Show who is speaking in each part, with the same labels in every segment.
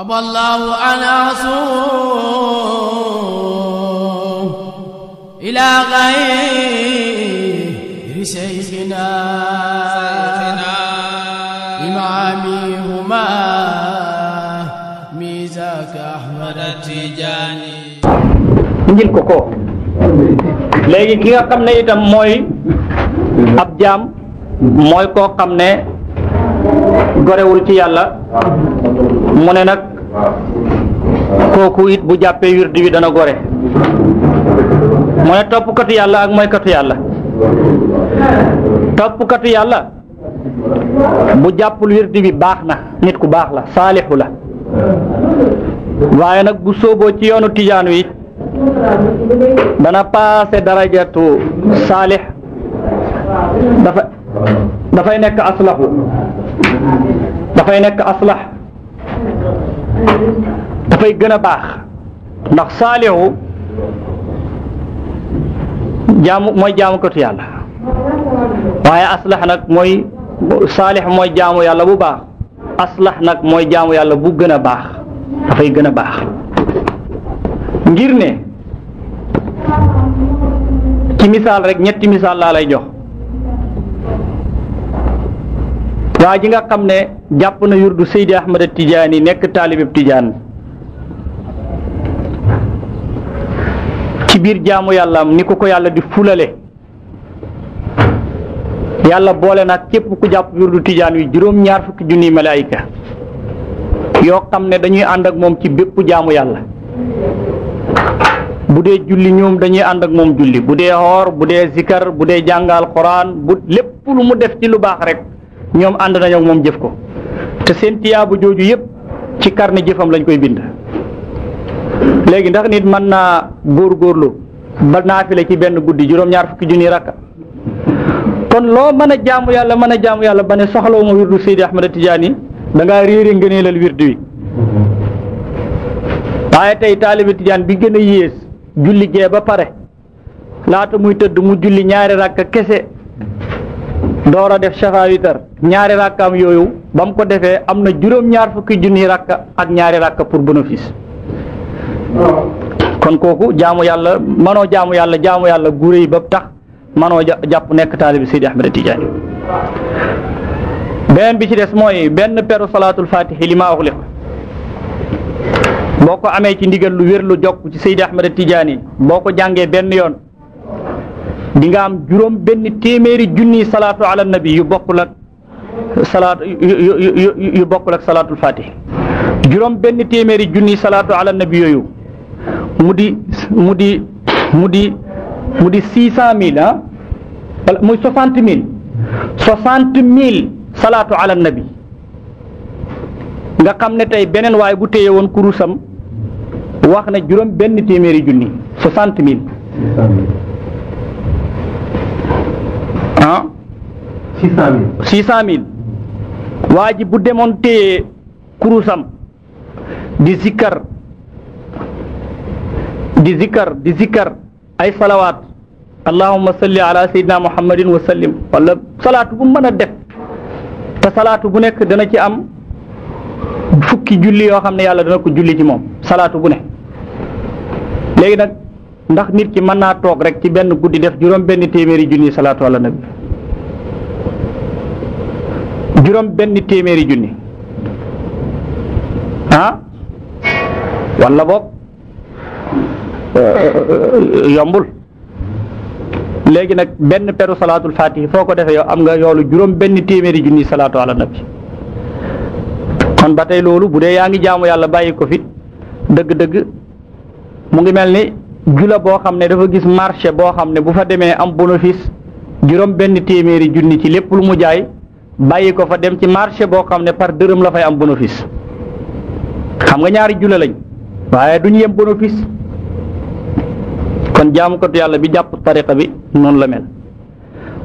Speaker 1: aballaahu anaasu ilaa xayri seyxina imaamihuma misaak Ahmad Tijaani njil ko ko léegi ki nga xam ne itam mooy ab jaam mooy koo xam ne gorewul ci yàlla mu ne nag kooku it bu jàppee wirdi wi dana gore mu ne toppkatu yàlla ak mooykatu yàlla toppkatu yàlla bu jàppul wirdi bi baax na nit ku baax la saalixu la waaye nag bu sóoboo ci yoonu tijaan wi dana paase darajatu saalix dafa dafay nekk aslaxu dafay nekk aslax dafay gën a baax ndax saalihu jaamu mooy jaamukatu yàlla waaye aslax nag mooy saalix mooy jaamu yàlla bu baax aslax nag mooy jaamu yàlla bu gën a baax dafay gën a baax ngir ne ci misaal rek ñetti misaal laa lay jox waa ji nga xam ne jàpp na yurdu Seydi Ahmada yi nekk taalibeb Tijaan ci biir jaamu yàllaam ni ko ko yàlla di fulale yàlla boole na képp ku jàpp yurdu Tijaan wi juróom-ñaar fukki junniy malaayika yoo xam ne dañuy ànd ak moom ci bépp jaamu yàlla bu dee julli ñoom dañuy ànd ak moom julli bu dee xoor bu dee zikar bu dee jàngal Quraan bu lépp lu mu def ci lu baax rek ñoom ànd nañoo moom jëf ko te seen tiyaabu jooju yëpp ci carnet jëfam lañ koy bind léegi ndax nit mën naa góor góorgóorlu ba naafile ci benn guddi juróom-ñaar fukki junni rakka kon loo mën a jaamu yàlla mën a jaamu yàlla ba ne soxlawu ma wirdu Seydi a Tijaani da ngaa réere ngëneelal wirdu wi waaye tey taalibi Tijaan bi gën a yées julli gee ba pare laata muy tëdd mu julli ñaari rakka kese door a def shafa witar ñaari rakkaam yooyu ba mu ko defee am na juróom-ñaar fukki junni rakka ak ñaari rakka pour bénéfice kon kooku jaamu yàlla manoo jaamu yàlla jaamu yàlla gure yi ba tax manoo jàpp nekk taalibi Seydi Ahmed Tidiane beneen bi ci des mooy benn peru salaatul fatihi li maa uxliq boo ko amee ci ndigal lu wér lu jokk ci Seydi Ahmed Tidiane boo ko jàngee benn yoon di nga am juróom benn téeméeri junni salaatu ala nabi yu bokkul ak salaatu yu bokkul ak salaatul fatih juróom salaatu ala nabi yooyu mu di mu di mu di mu di six cent mille ah muy soixante mille salaatu ala nabi nga xam ne tey beneen waay bu téye woon kurusam wax na juróom benn téeméeri junni soixante mille ah. 600000 600000 waa ji bu demoon téye kurusam di zikkar di zikkar di zikkar ay salawaat allahumma salli ala sayyidina muhammadin wa sallim wala salaatu bu mën a def te salaatu bu nekk dana ci am fukki julli yoo xam ne yàlla dana ko julli ci moom salaatu bu ne léegi nag ndax nit ki mën naa toog rek ci benn guddi def juróom benn téeméeri junni salaatu ala nabi juróom benn téeméeri junni ah walla boog euh, yombul léegi nag benn peru salaatul fatihi foo ko defee yow am nga yoolu juróom benn téeméeri junni salaatu ala nabi kon ba tey loolu bu dee yaa ngi jaamu yàlla bàyyi ko fi dëgg-dëgg mu ngi mel ni jula boo xam ne dafa gis marché boo xam ne bu fa demee am bénéfice juróom benn téeméeri junni ci lépp lu mu jaay bàyyi ko fa dem ci marché boo xam ne par dërëm la fay am bénéfice xam nga ñaari jula lañ waaye duñ yem bénéfice kon jaamukatu yàlla bi jàpp tariqa bi noonu la mel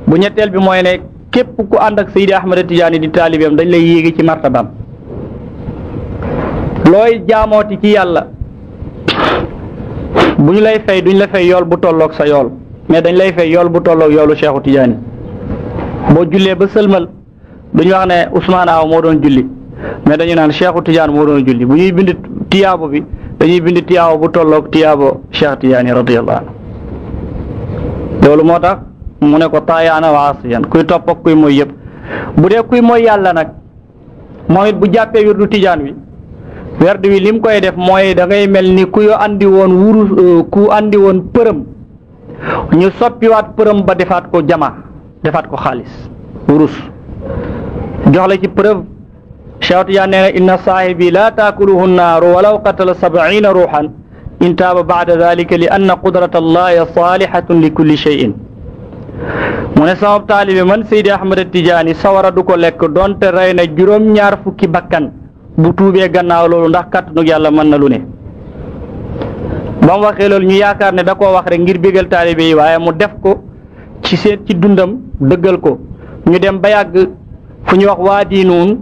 Speaker 1: bu ñetteel bi mooy ne képp ku ànd ak Seydi Ahmada Tijaani di taalibeem dañ lay yéegi ci martabaam looy jaamooti ci yàlla bu ñu lay fay duñ la fay yool bu tolloog sa yool mais dañ lay fay yool bu tolloog yoolu Cheikhu Tidiane boo jullee ba sëlmal duñu wax ne Ousmane moo doon julli mais dañu naan Cheikhu tijaan moo doon julli bu ñuy bind tiyaabo bi dañuy bind tiyaabo bu tolloog tiyaabo Cheikh Tidiane radiyallahu anhu loolu moo tax mu ne ko taayaana wa asiyan kuy topp ak kuy mooy yëpp bu dee kuy mooy yàlla nag moom it bu jàppee wirdu Tidiane wi werd wi lim koy def moy da ngay melni ku yo andi won wuru ku andi won peureum ñu soppi wat peureum ba defat ko jama defat ko khalis wurus jox la ci preuve shawtu ya neena inna sahibi la taakuluhu an naaru walaw qatala sabciina ruuxan in taaba ba'da dalika li anna qudrat allahi saalixatun li kulli shay'in mu ne sama man sayyid ahmad tijani sawara du ko lek donte rey na juróom ñaar fukki bakkan bu tuubee gannaaw loolu ndax kàttanug yàlla mën na lu ne ba mu waxee loolu ñu yaakaar ne da koo wax rek ngir bégal taalibe yi waaye mu def ko ci seen ci dundam dëggal ko ñu dem ba yàgg fu ñu wax waa diinuun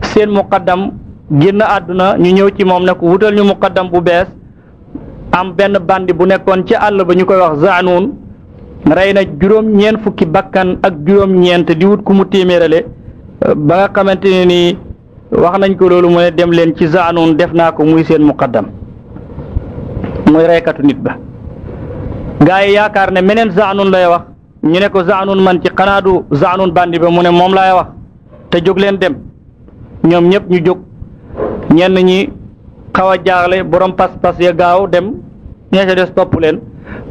Speaker 1: seen muqaddam génn àdduna ñu ñëw ci moom ne ko wutal ñu muqaddam bu bees am benn bandi bu nekkoon ci àll ba ñu koy wax zaanuun rey na juróom ñeent fukki bakkan ak juróom ñeent di wut ku mu téeméerale ba nga xamante nii wax nañ ko loolu mu ne dem leen ci zaanoon def naa ko muy seen muqaddam muy reykatu nit ba gaa yaakaar ne meneen zaanoon lay wax ñu ne ko zaanoon man ci xanaa du zaanoon bandi ba mu ne moom laay wax te jóg leen dem ñoom ñëpp ñu jóg ñenn ñi xaw a jaaxle borom pas-pas ya gaaw dem ñee des topp leen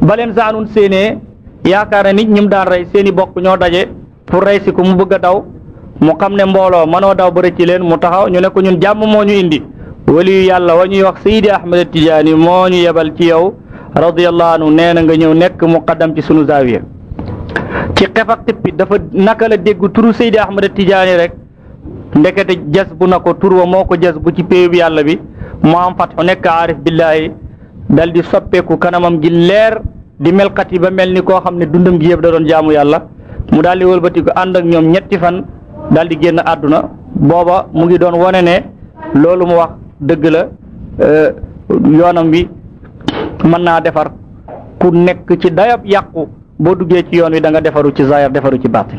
Speaker 1: ba leen zaanoon séenee yaakaar ne nit ñi mu daan rey seeni bokk ñoo daje pour rey si ko mu bëgg a daw mu xam ne mbooloo mënoo daw ba ci leen mu taxaw ñu ne ko ñun jàmm moo ñu indi waliyu yàlla wa ñuy wax Seydi Ahmed Tidiane moo ñu yebal ci yow radiyallahu anhu nee na nga ñëw nekk muqaddam ci sunu zaawiya ci xef ak tippi dafa naka la dégg turu Seydi Ahmed Tidiane rek ndekete jas bu na ko tur wa moo ko jas bu ci péeyu yàlla bi mu am fatxu nekk aarif billaahi dal di soppeeku kanamam gi leer di melkat yi ba mel ni koo xam ne dundam gi yëpp da doon jaamu yàlla mu daal di wëlbati ànd ak ñoom ñetti fan daal di génn àdduna booba mu ngi doon wane ne loolu mu wax dëgg la euh, yoonam wi mën naa defar ku nekk ci dayab yàqu boo duggee ci yoon wi danga defaru ci zaayar defaru ci baatin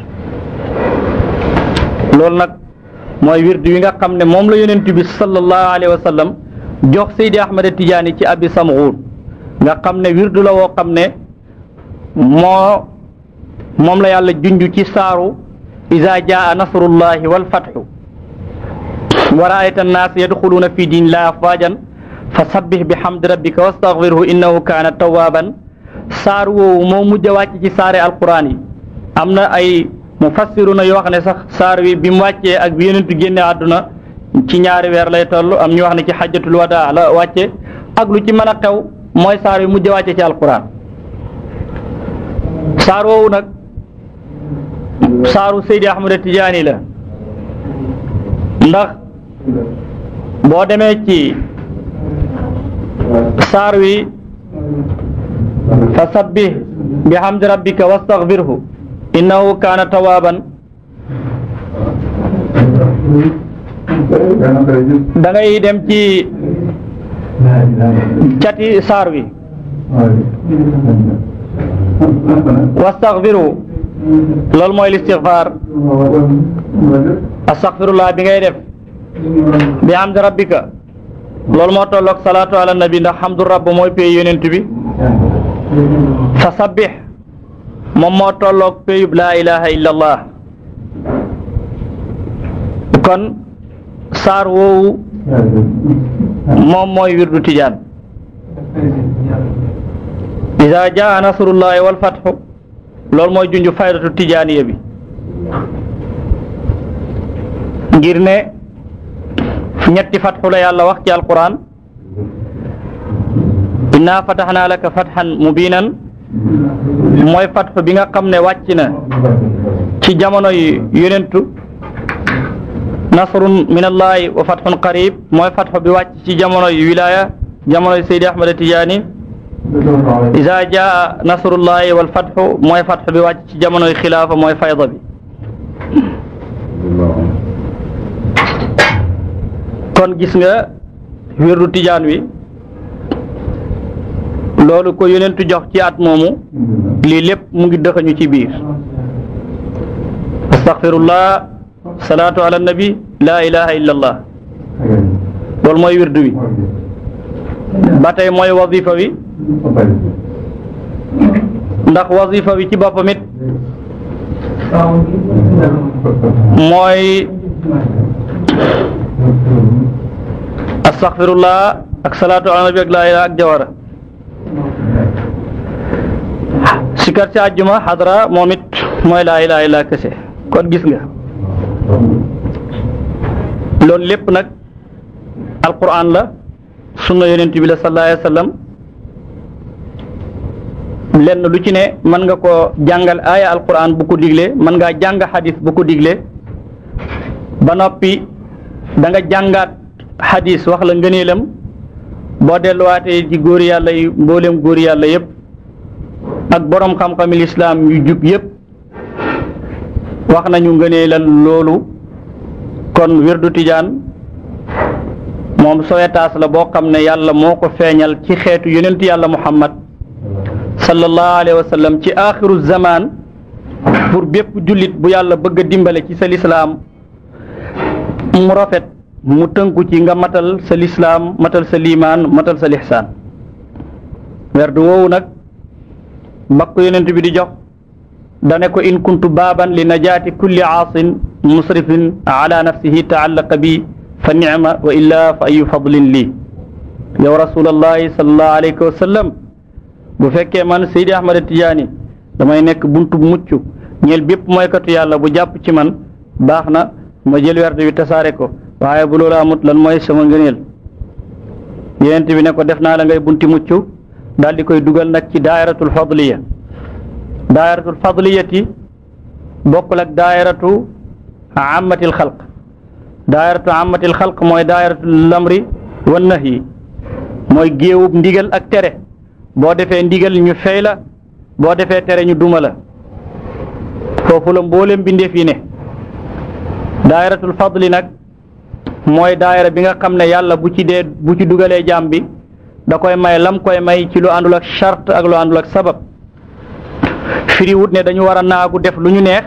Speaker 1: loolu nag mooy wirdu wi nga xam ne moom la yonent bi sallallahu alayhi wa sallam jox Seydi Ahmada Tijaani ci abi samxuun nga xam ne wirdu la woo xam ne moo moom la yàlla junj ci saaru ida jaa nasrullahi walfatxu wa raayta annaas yadxuluuna fi diinillahi afwaajan fa sabbih bi hamdi rabbika wastaghfirhu innahu kaana tawaaban saar woowu moo mujj a wàcc ci saare alquran yi am na ay mufassiruna yoo xam ne sax saar wi bi mu wàccee ak bi yonentu génne àdduna ci ñaari weer lay toll am ñu wax ne ci xajjatul wadaa la wàcce ak lu ci mën a xew mooy saar wi mujj a wàcce ci alquran saar woowu nag saaru Seydi Ahmada Tijaani la ndax boo demee ci saar wi fa sabbih bi hamdi rabbika wastaghfirhu innahu kaana tawaaban da ngay dem ci cati saar wi wastaghfirhu loolu mooy listixfaar astaxfirullah bi ngay def bi hamdi rabbika loolu moo tolloog ndax hamdu rabb mooy pay yonent bi fa moo tolloog payub laa allah kon saar woowu mooy wirdu tijaan idaa jaa nasrullahi wal fatxu loolu mooy junj faydatu tijaaniya bi ngir ne ñetti fatxu la yàlla wax ci alquran inna fataxnaa fatxan mubinan mooy fatxu bi nga xam ne wàcc na ci jamono yi yonentu nasrun min allahi wa fatxun qarib mooy fatxu bi wàcc ci jamono yi wilaaya jamono yi seydi tijaani isa jaa nasrullahi wal fatxu mooy fatx bi wàcc ci jamonoy xilaafa mooy fayda bi kon gis nga wirdu tijaan wi loolu ko yonentu jox ci at moomu lii lépp mu ngi dëxañu ci biir astaghfirullah salaatu ala nabi laa ilaha illa allah mooy wirdu wi ba tey mooy wazifa wi ndax wasifa bi ci boppam it mooy astaxfirullah ak salaatu ala nabi ak laa ilaa ak jawara sikar ci àjjuma xadra moom it mooy laa ilaa ilaa kese kon gis nga loolu lépp nag alquran la sunna yonent bi la sallallahu lenn lu ci ne man nga ko jangal aya alquran bu ko digle man nga jang hadith bu ko digle ba nopi da nga jangat hadith wax la bo delu waté ci góor yalla yi mbolem góor yalla yépp ak borom xam xam l'islam yu jup yépp wax nañu ngeenelal lolu kon wirdu tijan. mom sowetaas la bo xamne yalla moko feñal ci xéetu yonent yalla muhammad صلى الله عليه وسلم في آخر الزمان pour bépp julit bu yàlla bëgg a dimbale ci sa lislaam mu rafet mu tënku ci nga matal sa lislaam matal sa liimaan matal sa lixsaan werdu woowu nag bakk yonent bi di jox dane ko in kuntu baaban li najaati kulli aasin musrifin ala nafsihi taallaqa bi fa nicma wa illa fa ayu fadlin lii yow rasulallahi sallallahu alayhi wa sallam bu fekkee man Seydi Ahmada Tijaani damay nekk buntu mucc ñeel bépp mooykatu yàlla bu jàpp ci man baax na ma jël werde bi tasaare ko waaye bu loolu amut lan mooy sama ngëneel yonent bi ne ko def naa la ngay bunti mucc daal di koy dugal nag ci daayiratul fadliya daayiratul fadliyati bokkul ak daayiratu amatil xalq daayiratu amatil xalq mooy daayiratul lamri wa nahyi mooy géewub ndigal ak tere boo defee ndigal ñu fay la boo defee tere ñu duma la foofu la mboolem bindeef yi ne daayiratul fadli nag mooy daayira bi nga xam ne yàlla bu ci dee bu ci dugalee jaam bi da koy may lam koy may ci lu àndul ak charte ak lu àndul ak sabab firiwut ne dañu war a naagu def lu ñu neex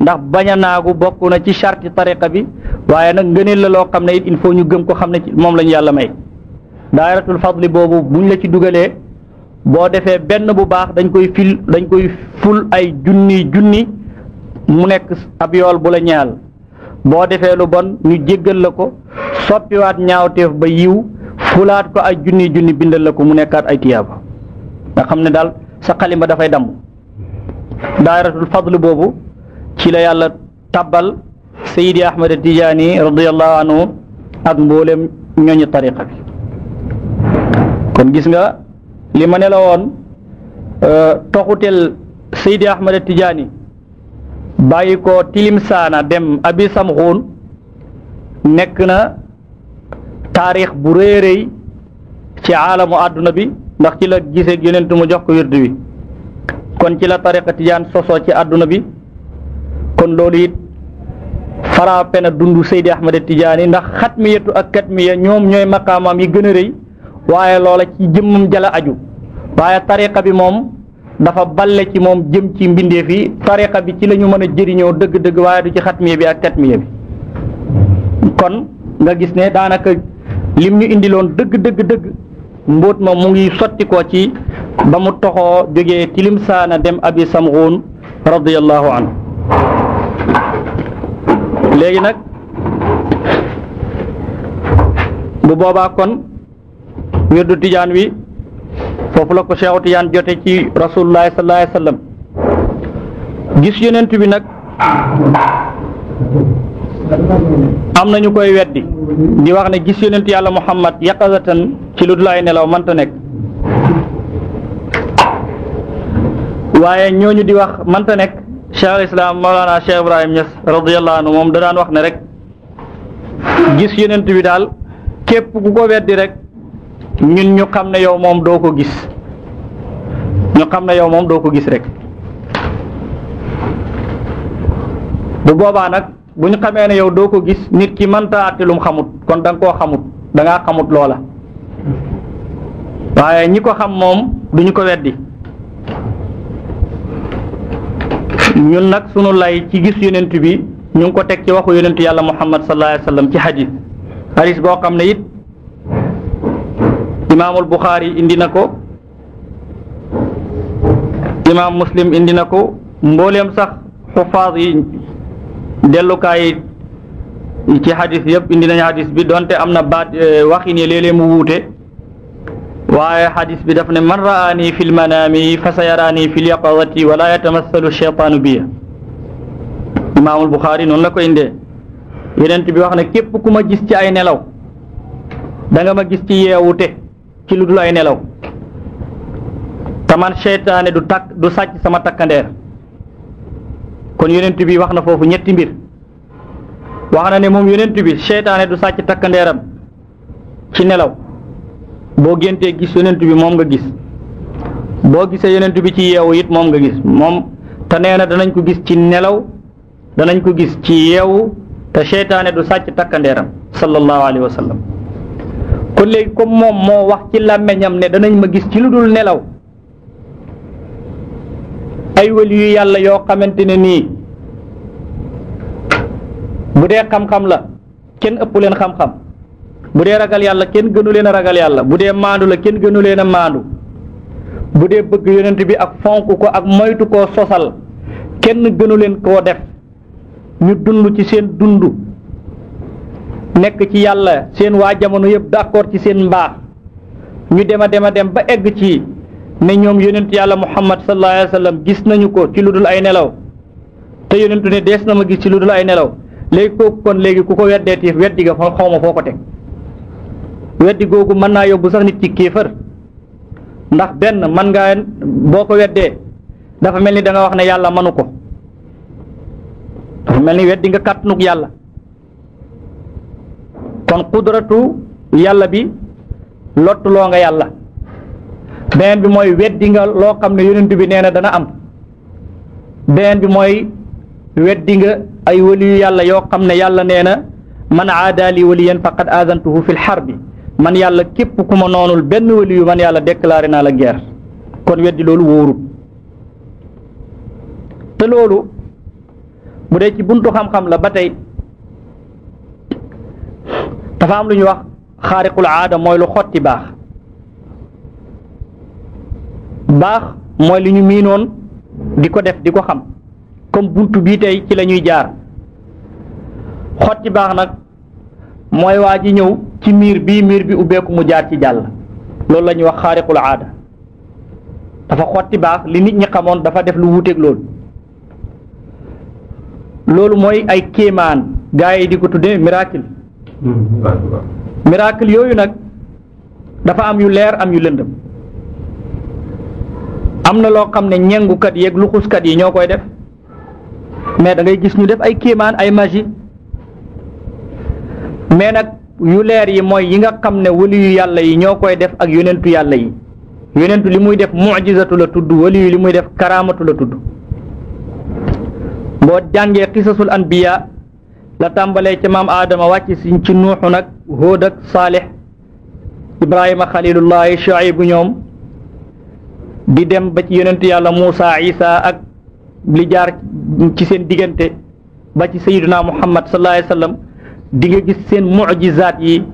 Speaker 1: ndax bañ a naagu bokk na ci charte tariqa bi waaye nag ngëneel la loo xam ne it il faut ñu gëm ko xam ne moom lañu yàlla may daayiratul fadli boobu buñ la ci dugalee boo defee benn bu baax dañ koy fil dañ koy ful ay junni junni mu nekk ab yool bu la ñaal boo defee lu bon ñu jéggal la ko soppiwaat ñaawteef ba yiw fulaat ko ay junni junni bindal la ko mu nekkaat ay tiyaaba nga xam ne daal sa xalima dafay damm daayratul fadl boobu ci la yàlla tabbal Seydi Ahmad Tijaani radiyallahu anhu ak mboolem ñooñu tariqa bi kon gis nga li ma ne la woon euh, toxutel Seydi Ahmad Tijaani bàyyi ko Tilimsaana dem Abi Samxuun nekk na taarix bu rëy rëy ci aalamu àdduna bi ndax ci la gisee ak yonent mu jox ko wird wi kon ci la tariqa tijaan sosoo ci àdduna bi kon loolu it faraape na dundu Seydi Ahmad Tijaani ndax xatmiyatu ak katmiya ñoom ñooy maqaamaam yi gën a rëy waaye loola ci jëmmam jala aju waaye tariqa bi moom dafa balle ci moom jëm ci mbindeef yi tariqa bi ci lañu ñu mën a jëriñoo dëgg-dëgg waaye du ci xatmiye bi ak tatmiye bi kon nga gis ne daanaka lim ñu indiloon dëgg dëgg dëgg mbóot ma mu ngi sotti ko ci ba mu toxoo jóge tilim saana dem abi samxuun radiallahu anhu léegi nag bu boobaa kon wirdu tijaan wi foofu la ko Cheikhu Tijaan jote ci rasulullahi sallallahu alayhi gis yonent nag am nañu koy weddi di wax ne gis yonent yàlla Muhammad yaqazatan ci lu dul nelaw mënta nekk waaye ñooñu di wax mënta nekk Cheikh al Mawlana Cheikh Ibrahim Niass radiyallahu anhu moom da daan wax ne rek gis yonent bi daal képp ku ko weddi rek ñun ñu xam ne yow moom doo ko gis ñu xam na yow moom doo ko gis rek bu boobaa nag bu ñu xamee ne yow doo ko gis nit ki mënta àtte lum xamut kon da koo xamut da xamut loola waaye ñi ko xam moom duñu ko weddi ñun nag sunu lay ci gis yonent bi ñu ngi ko teg ci waxu yonentu yàlla muhammad sallallahu alayhi wa sallam ci xadis xadis boo xam ne it imaamul buxaari indi na ko imaam muslim indi na ko mbooleem sax xufaas yi dellukaay ci hadis yëpp indi nañ hadis bi donte am na baat eh, waxi ne léeg-léeg mu wuute waaye hadis bi daf ne man raani fil manaami fa sa yaraani fil yaqazati wala yatamassalu cheytaanu biya imaamul buxaari noonu la ko indee yenent bi wax ne képp ku ma gis ci ay nelaw da ma gis ci yeewute ci lu dul ay nelaw man seytaane du takk du sàcc sama takkandeer kon yonent bi wax na foofu ñetti mbir wax na ne moom yonent bi seytaane du sàcc takkandeeram ci nelaw boo géntee gis yonent bi moom nga gis boo gisee yonent bi ci yeewu it moom nga gis moom te nee na danañ ko gis ci nelaw danañ ko gis ci yeewu te seytaane du sàcc takkandeeram sallallahu alayhi wa sallam ko léegi ko mom mo wax ci làmmeñam ne danañ ma gis ci lu nelaw ay wël yu yalla yo xamantene ni budé xam-xam la kenn ëpp leen xam-xam budé ragal yalla kenn gënu leen a ragal yalla budé dee maandu la kenn gënu leen a maandu bëgg yonent bi ak fonk ko ak moytu ko sosal kenn gënu leen ko def ñu dund ci seen dundu nekk ci yàlla seen waa jamono yëpp d'accord ci seen mbaax ñu dem a dem a dem ba egg ci ne ñoom yonentu yàlla muhammad sallallahu alayhi wa sallam gis nañu ko ci lu dul ay nelaw te yonentu ne dees na ma gis ci lu dul ay nelaw léegi kooku kon léegi ku ko weddeetiif weddi ga fa xawma foo ko teg weddi googu mën naa yóbbu sax nit ci kéefër ndax benn man ngaa boo ko weddee dafa mel ni da nga wax ne yàlla mënu ko dafa mel ni weddi nga kàttanug yàlla kon qudratu yàlla bi lottuloo nga yàlla beneen bi mooy weddi nga loo xam ne yonent bi nee na dana am beneen bi mooy weddi nga ay waliyu yàlla yoo xam ne yàlla nee na man aadaali waliyan faqad aadantuhu fi lxarbi man yàlla képp ku ma noonul benn waliyu man yàlla déclaré naa la guerre kon weddi loolu wóorut te loolu bu dee ci buntu xam-xam la ba tey dafa am lu ñuy wax xaariqul aada mooy lu xotti baax baax mooy li ñu miinoon di ko def di ko xam comme bunt bii tey ci la ñuy jaar xotti baax nag mooy waa ji ñëw ci miir bii miir bi ubbeeku mu jaar ci jàll loolu la ñuy wax xaariqul aada dafa xotti baax li nit ñi xamoon dafa def lu wuuteeg loolu loolu mooy ay kéemaan gaa yi di ko tudde miracle miracle yooyu nag dafa am yu leer am yu lëndëm am na loo xam ne ñengukat yeeg luxuskat yi ñoo koy def mais dangay gis ñu def ay kéemaan ay magie mais nag yu leer yi mooy yi nga xam ne wali yàlla yi ñoo koy def ak yonentu yàlla yi yonentu li muy def mujizatu la tudd wali li muy def karaamatu la tudd boo jàngee xisasul anbiya la tàmbalee ci maam aadama wàcc si ci nuuxu nag hóod ak saalix ibrahima xalilullahi shuaybu ñoom bi dem ba ci yonent yàlla muusa isa ak li jaar ci seen diggante ba ci sayyiduna muhammad sallallahu alayhi wasallam di nga gis seen mucjizaat yi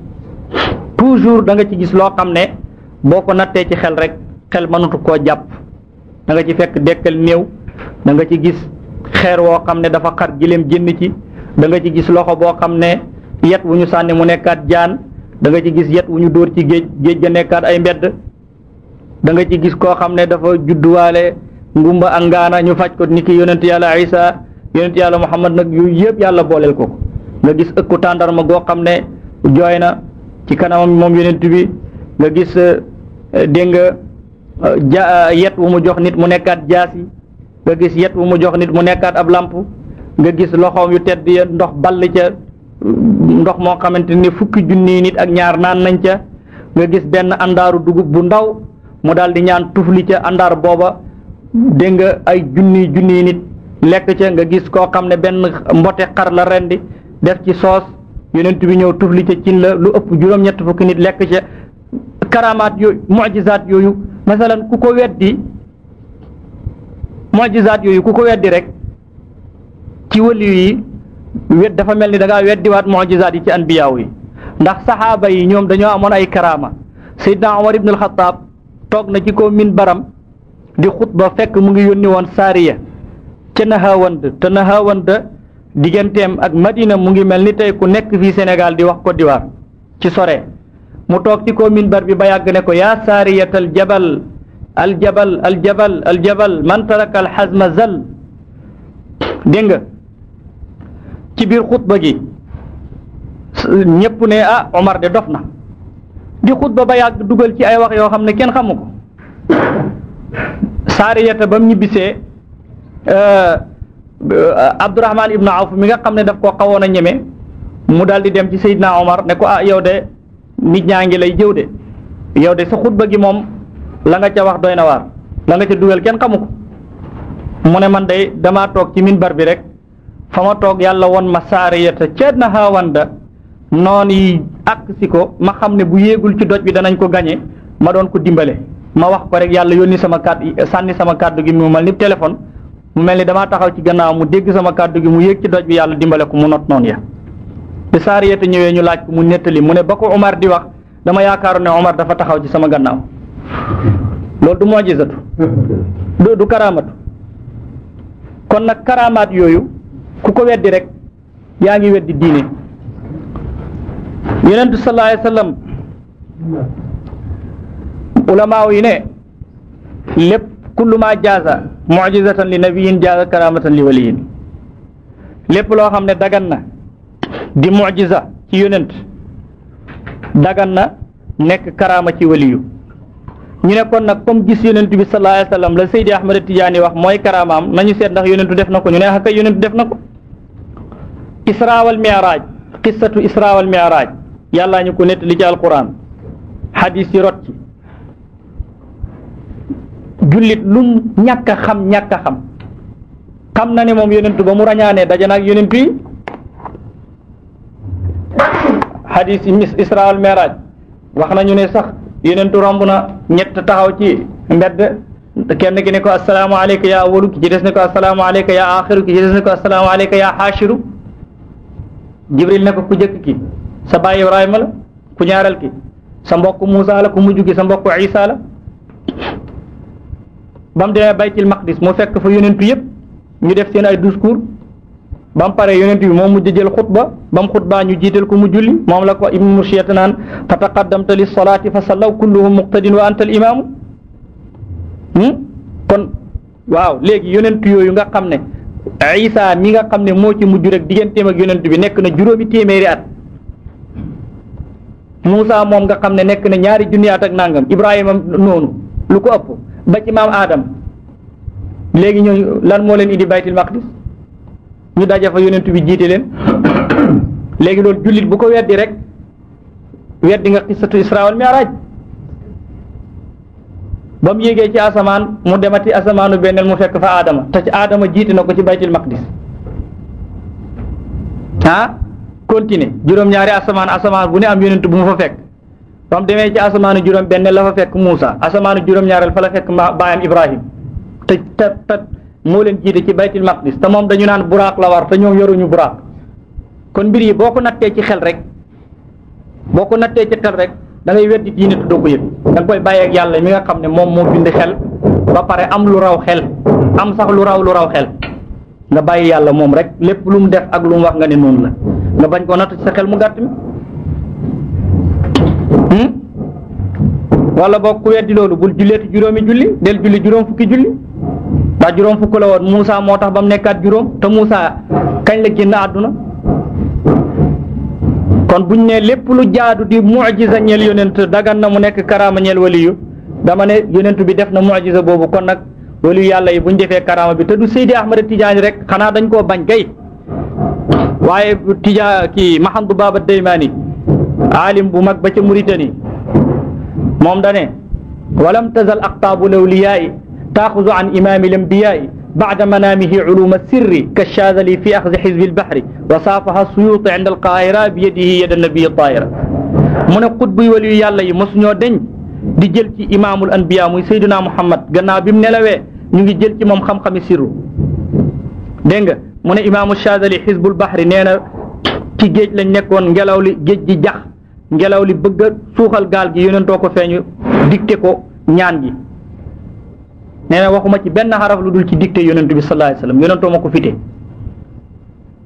Speaker 1: toujours da nga ci gis loo xam ne boo ko nattee ci xel rek xel mënatu koo jàpp danga ci fekk dekkal néew da nga ci gis xeer woo xam ne dafa xar gileem génn ci da nga ci gis loxo boo xam ne yet wu ñu sànni mu nekkaat jaan danga ci gis yet wu ñu dóor ci géej géej ga nekkaat ay mbedd danga ci gis koo xam ne dafa judduwaale ngumba ak ngaana ñu faj ko ni ki yonent yàlla isa yonent yàlla muhammad nag yu yëpp yàlla booleel ko nga gis ëkku tàndarma goo xam ne jooy na ci kanamam moom yonent bi nga gis eh, dégg nga eh, ja eh, yet wu mu jox nit mu nekkaat yi nga gis yet wu mu jox nit mu nekkaat ab làmp nga gis loxoom yu tedd ya ndox ball ca ndox moo xamante ni fukki junni nit ak ñaar naan nañ ca nga gis benn àndaaru dugub bu ndaw mu daal di ñaan tufli ca àndaar booba dégg nga ay junni junni nit lekk ca nga gis koo xam ne benn mbote xar la rendi def ci soos yonent bi ñëw tufli ca cin la lu ëpp juróom-ñett fukki nit lekk ca karamaat yooyu mujizaat yooyu masalan ku ko weddi mujizaat yooyu ku ko weddi rek ci waliyu yi wet dafa mel ni danga ngaa weddiwaat mujizaat yi ci anbiyaaw yi ndax saxaaba yi ñoom dañoo amoon ay karaama Seydina Omar ibn al toog na ci ko min baram di xutba fekk mu ngi yónni woon saariya ca Nahawand te Nahawand digganteem ak Madina mu ngi mel ni tey ku nekk fii senegal di wax ko d'Ivoire ci sore mu toog ci ko min bar bi ba yàgg ne ko yaa saariyatal jabal al jabal al jabal al jabal man taraka al xazma zal dégg ci bir khutba gi ñepp ne ah omar de dofna di khutba ba yag duggal ci ay wax yo xamne ken xamuko xamu ko saariyata bam ñibbisee euh, abdourahman ibnu mi nga xamne daf ko xawona a ñeme mu daldi dem ci sayidna omar ne ko ah yow de nit ñangi lay jew de yow de sa khutba gi mom la nga ca wax doyna war la nga ca duggal ken xamuko mune man day dama tok ci minbar bi rek fa ma toog yàlla won ma saariyata ca Naxawanda noon yi ak si ko ma xam ne bu yéegul ci doj bi danañ ko gañe ma doon ko dimbale ma wax ko rek yàlla yónni sama kàddu sànni sama kàddu gi mu mel ni téléphone mu mel ni damaa taxaw ci gannaaw mu dégg sama kàddu gi mu yéeg ci doj bi yàlla dimbale ko mu not noon ya bi saariyata ñëwee ñu laaj ko mu nettali mu ne ba ko Omar di wax dama yaakaaru ne Omar dafa taxaw ci sama gannaaw loolu du mojisatu du du karaamatu kon nag karaamaat yooyu ku ko weddi rek yaa ngi weddi diine yonent sallallahu alayhi sallam ulamaaw yi ne lépp kullu ma jaaza mujizatan li nabiyin jaaza karamatan li waliyin lépp loo xam ne daggan na di mujiza ci yonent dagan na nekk karaama ci waliyu ñu ne kon nag comme gis yonentu bi sallallahu alayhi wa sallam la Seydi a Tijaani wax mooy karaamaam nañu seet ndax yonentu def na ko ñu ne xaka ah yonentu def na ko isra wal miraaj qissatu isra wal ñu ko nettali ci alquran xadis yi rot ci jullit lu ñàkk xam ñàkk xam xam na ne moom yonentu ba mu rañaanee daje naag yonentu yi xadis yi isra wal miraaj wax nañu ne sax yonentu romb na ñett taxaw ci mbedd kenn ki ne ko asalaamaaleyka yaa awalu ki ci des ne ko asalaamaaleyka yaa axiru ki ci ne ko asalaamaaleyka yaa xaashiru jibril na ko ku jëkk ki sa baay ibrahima la ku ñaareel ki sa mbokk Moussa la ku mujj gi sa mbokk Isa la ba mu demee baytil maqdis mu fekk fa yonentu yëpp ñu def seen ay discours ba mu paree yonent bi moo mujj jël xutba ba mu xutbaa ñu jiital ko mu julli moom la ko ibnu mursiyat naan fa taqaddamta lis salaati fa sallaw kulluhum muqtadin wa anta al imaamu hmm? kon waaw léegi yonent yooyu nga xam ne Isa ni nga xam ne moo ci mujj rek digganteem ak yonent bi nekk na juróomi téeméeri at Moussa moom nga xam ne nekk na ñaari junni at ak nangam Ibrahima noonu lu ko ëpp ba ci maam Adam léegi ñooñu lan moo leen indi baytil maqdis ñu daje fa yonent bi jiite leen léegi loolu jullit bu ko weddi rek weddi nga xisatu Isra wal Mi'raj ba mu yéegee ci asamaan mu demati asamaanu beneen mu fekk fa aadama te ci aadama jiite na ko ci baytil maqdis ah continuer juróom-ñaari asamaan asamaan bu ne am yonent bu mu fa fekk ba mu demee ci asamaanu juróom benn la fa fekk Muusa asamaanu juróom-ñaareel fa la fekk baayam Ibrahim te te te moo leen jiite ci baytil maqdis te moom dañu naan buraak la war te ñoom yoruñu buraak kon mbir yi boo ko nattee ci xel rek boo ko nattee ci xel rek dangay ngay weddi diine te ko yëg da nga koy bàyyi ak yàlla mi nga xam ne moom moo bind xel ba pare am lu raw xel am sax lu raw lu raw xel nga bàyyi yàlla moom rek lépp lu mu def ak lu mu wax nga ne noonu la nga bañ koo natt ci sa xel mu gàtt mi hmm? wala boog ku weddi loolu bul julleeti juróomi julli del julli juróom fukki julli ndax juróom fukk la woon Moussa moo tax ba mu nekkaat juróom te Moussa kañ la génn àdduna kon bu ñu ne lépp lu jaadu di mucjisa ñeel yonent dagan na mu nekk karaama ñeel waliyu dama ne yonent bi def na mucjisa boobu kon nag waliyu yàlla yi buñ defee karaama bi te du Seydi Ahmada Tijaani rek xanaa dañ koo bañ gay waaye bu kii Mahamdu Baaba Daymaani aalim bu mag ba ca Muritani moom dane walam tazal aqtaabu lawliyaa'i taaxuzu an imaami lambiyaai بعد منامه علوم السر كالشاذلي في أخذ حزب البحر وصافها السيوط عند القاهرة بيده يد النبي الطاهرة mu ne xut buy waliyu yàlla yi mos ñoo deñ di jël ci imaamul anbiya muy sayduna muhammad gannaaw bi mu nelawee ñu ngi jël ci moom xam-xami sirru dégg nga mu ne imaamu Shaadili xisbul baxri nee na ci géej lañ nekkoon ngelaw li géej gi jax ngelaw li bëgg a suuxal gaal gi yonentoo ko feeñu dicté ko ñaan gi nee waxuma ci benn xaraf lu dul ci dicté yonentu bi sallallahu alayhi wasallam yonentoo ma ko fite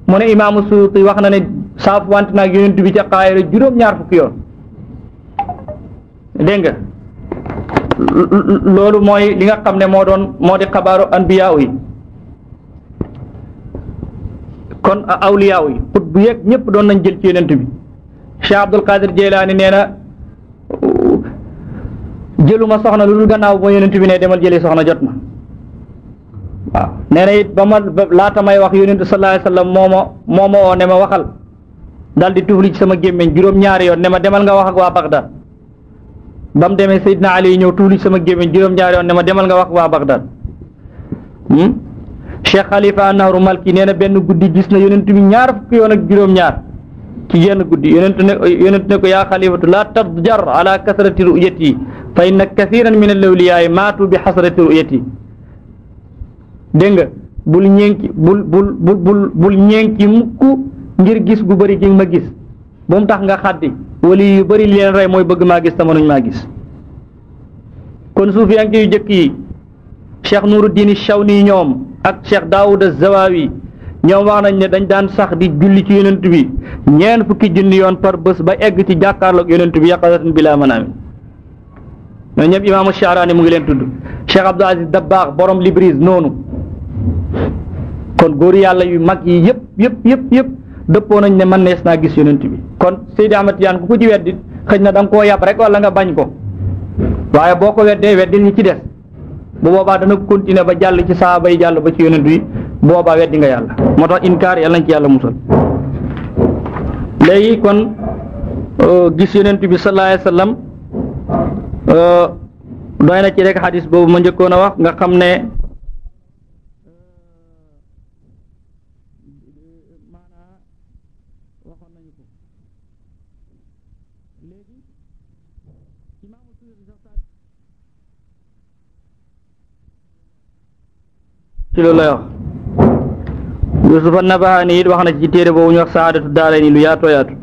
Speaker 1: mu ne imaamu Suyuti wax na ne saaf wante naag yonentu bi ca Qaahira juróom-ñaar fukki yoon dégg nga loolu mooy li nga xam ne moo doon moo di xabaaru anbiyaaw yi kon awliyaaw yi xut bu yeeg ñëpp doon nañ jël ci yonent bi Cheikh Abdul Qadir Jeylaani nee na jëluma soxna lu dul gannaaw ba yonent bi ne demal jëli soxna jot na waaw nee it ba ma laata may wax yonent sallallahu alayhi wasallam moo ma moo ma oo ma waxal daal di tufli ci sama gémmiñ juróom-ñaari yoon ne ma demal nga wax ak waa Bagdad ba mu demee Seydina Ali ñëw tufli ci sama gémmiñ juróom-ñaari yoon ne ma demal nga wax ak waa Bagdad hmm? Cheikh Khalifa Nahru Malki nee na benn guddi gis na yonent bi ñaar fukki yoon ak juróom-ñaar ci jenn guddi yonentu ne yonentu ne ko yaa xalifatu laa tadjar ala kasrati ruyati fa inna kathiran min alawliyaay maatu bi xasrati ruyati dégg nga bul ñeenki bul bul bul bul mukk ngir gis gu bëri gi ma gis bu tax nga xaddi wali yu bëri li leen rey mooy bëgg maa gis te mënuñ maa gis kon suufiyanke yu jëkk yi cheikh nuruddin chawni ñoom ak cheikh daawud az ñoom wax nañ ne dañ daan sax di julli ci yonent bi ñeen fukki junni yoon par bés ba egg ci jàkkaarloog yonent bi yaqadatan bila manaamin ñoo ñëpp imam Charani mu ngi leen tudd Cheikh Abdou Aziz Dabbaax borom libris nonu, kon góor yàlla yu mag yi yëpp yëpp yëpp yëpp dëppoo nañ ne man nees naa gis yonent bi kon Seydi Ahmed Yaan ku ko ci weddit xëj na da nga koo yàpp rek wala nga bañ ko waaye boo ko weddee weddil ñi ci des bu boobaa dana continuer ba jàll ci ba ci yonent bi boobaa weddi nga yàlla moo tax inkaar yàlla nañ ci yàlla musal léegi kon euh, gis yonent bi sallallahu alayhi wa sallam euh, doy na ci rek xadis boobu ma njëkkoon a wax nga xam ne ci loolu lay wax yusuf an-nabahaani it wax na ci téere boobu ñu wax saadatu daara ni lu yaatoo yaatu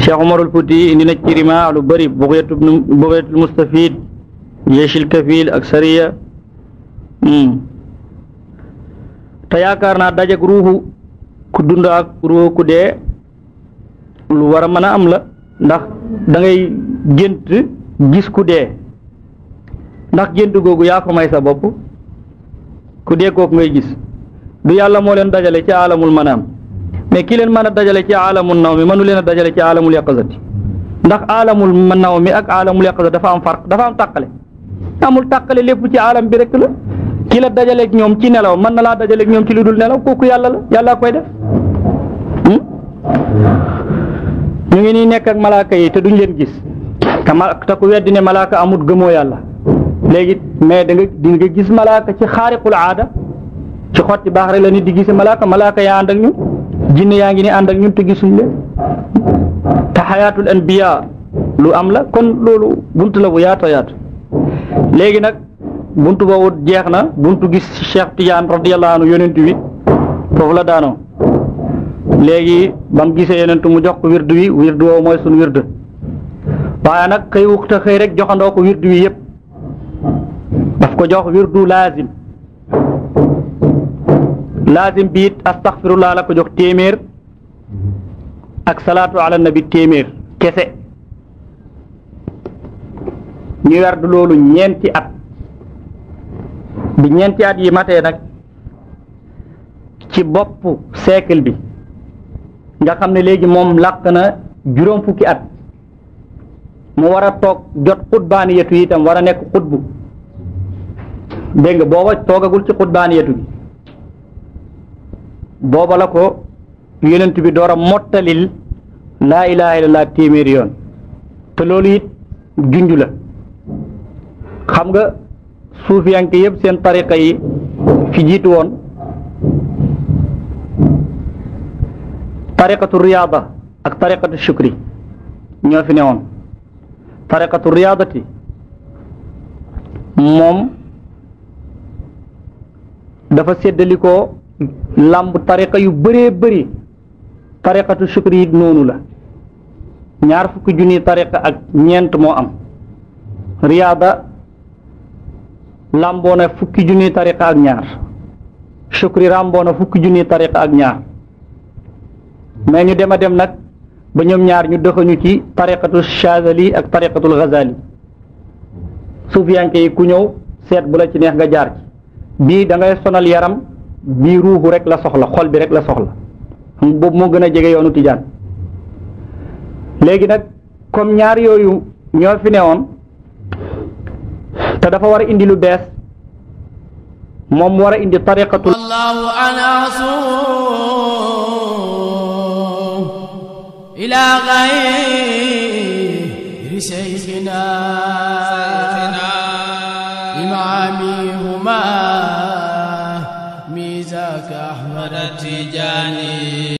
Speaker 1: cheikh umarul futi indi na ci rima lu bëri bugyatu bugyatul mustafid jeeshil kafil ak sariya hmm. te yaakaar naa dajeg ruuxu ku dund ruuxu ku lu war a mën a am la ndax dangay gént gis ku dee ndax gént googu yaa may sa bopp ku kook kooku ngay gis du yàlla moo leen dajale ci aalamul manaam mais ki leen mën a dajale ci aalamul naw mi mënu leen dajale ci aalamul yaqazati ndax aalamul naw mi ak aalamul yaqazati dafa am farq dafa am tàqale amul tàqale lépp ci aalam bi rek la ki la dajaleeg ñoom ci nelaw man na laa dajaleeg ñoom ci lu dul nelaw kooku yàlla la yàlla koy def hmm? ñu ngi nii nekk ak malaaka yi te duñ leen gis te ma te ku weddi ne malaaka amut gëmoo yàlla léegi mais da nga di nga gis malaaka ci xaariqul aada ci xotti baax rek la nit di gise malaaka malaaka yaa ànd ak ñun jinne yaa ngi ni ànd ak ñun te gisuñ leen te xayaatul anbiya lu am la kon loolu bunt la bu yaatu yaatu léegi nag bunt boobu jeex na buntu gis Cheikh Tidiane radiyallahu anhu yonent wi foofu la daanoo léegi ba gisee yonent mu jox ko wird wi wird woowu mooy suñ wird waaye nag xëy wuxta xëy rek joxandoo ko wird wi yëpp daf ko jox wirdu laazim laazim biit astaxfirullaa la ko jox téeméer ak salaatu na bi téeméer kese ñu werd loolu ñeenti at bi ñeenti at yi mate nag ci bopp siècle bi nga xam ne léegi moom làq na juróom fukki at mu war a toog jot xutbaaniyatu itam war a nekk xutbu dégg nga booba toogagul ci xutbaaniyatu bi booba la ko yonent bi door a mottalil laa ilaha illallah téeméeri yoon te loolu it junj la xam nga suufiyanke yëpp seen tariqa yi fi jiitu woon tariqatu riyaada ak tariqatu shukri ñoo fi ne woon tariqatu riyaadati moom dafa séddalikoo lamb tariqa yu beure beuri tariqatu shukri nonu la ñaar fukki junni tariqa ak ñent mo am riyada lambon na fukki junni tariqa ak ñaar tareka ràmboo na fukki junni tariqa ak ñaar mais ñu dem dem nak ba ñom ñaar ñu dëxañu ci tariqatu shazali ak tariqatu ghazali sufyan kay ku ñew set bu la ci neex nga jaar bi da ngay sonal yaram bi ruhu rek la soxla xol bi rek la soxla xam mo gëna gën yoonu tidiane légui nak comme ñaar yoyu ño fi néwon ta dafa wara indi lu bees moom war a indi tariqatu ila ghayri شيخنا Jani.